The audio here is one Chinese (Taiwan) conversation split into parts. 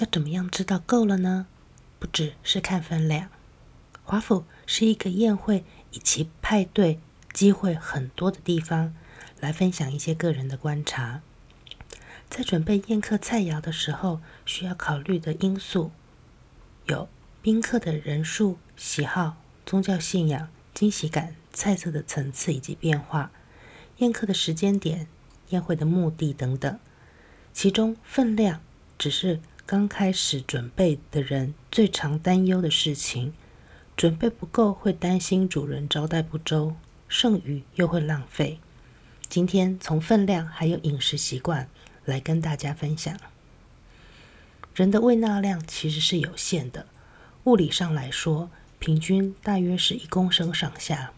要怎麼樣知道夠了呢？不只是看分量。華府是一個宴會以及派對機會很多的地方，來分享一些個人的觀察。在準備宴客菜餚的時候，需要考慮的因素有賓客的人數、喜好、宗教信仰、驚喜感、菜色的層次以及變化、宴客的時間點、宴會的目的等等。其中分量只是剛開始準備的人最常擔憂的事情，準備不夠會擔心主人招待不周，剩餘又會浪費。今天從分量還有飲食習慣來跟大家分享。人的胃納量其實是有限的，物理上來說，平均大約是一公升上下，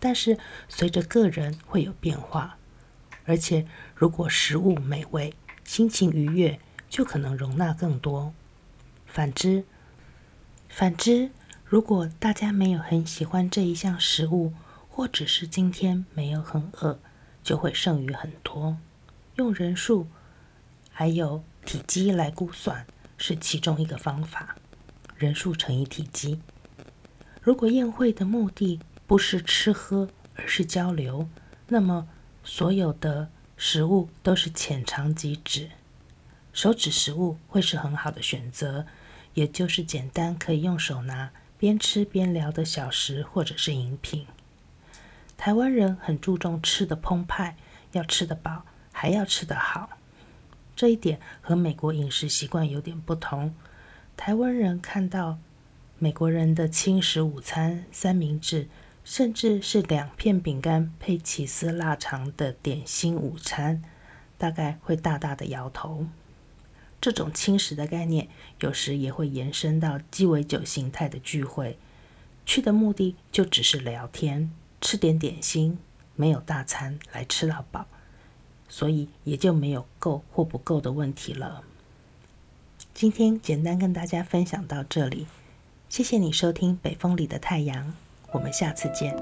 但是隨着個人會有變化，而且如果食物美味，心情愉悅。就可能容納更多。反之，反之，如果大家沒有很喜歡這一項食物，或者是今天沒有很餓，就會剩餘很多。用人數還有體積來估算是其中一個方法。人數乘以體積。如果宴會的目的不是吃喝，而是交流，那麼所有的食物都是淺嚐即止。手指食物會是很好的選擇，也就是簡單可以用手拿、邊吃邊聊的小食或者是飲品。台灣人很注重吃得澎湃，要吃得飽，還要吃得好。這一點和美國飲食習慣有點不同。台灣人看到美國人的輕食午餐、三明治，甚至是兩片餅乾配起司臘腸的點心午餐，大概會大大的搖頭。這種輕食的概念，有時也會延伸到雞尾酒形態的聚會，去的目的就只是聊天，吃點點心，沒有大餐來吃到飽，所以也就沒有夠或不夠的問題了。今天簡單跟大家分享到這裡，謝謝你收聽《北風裡的太陽》，我們下次見。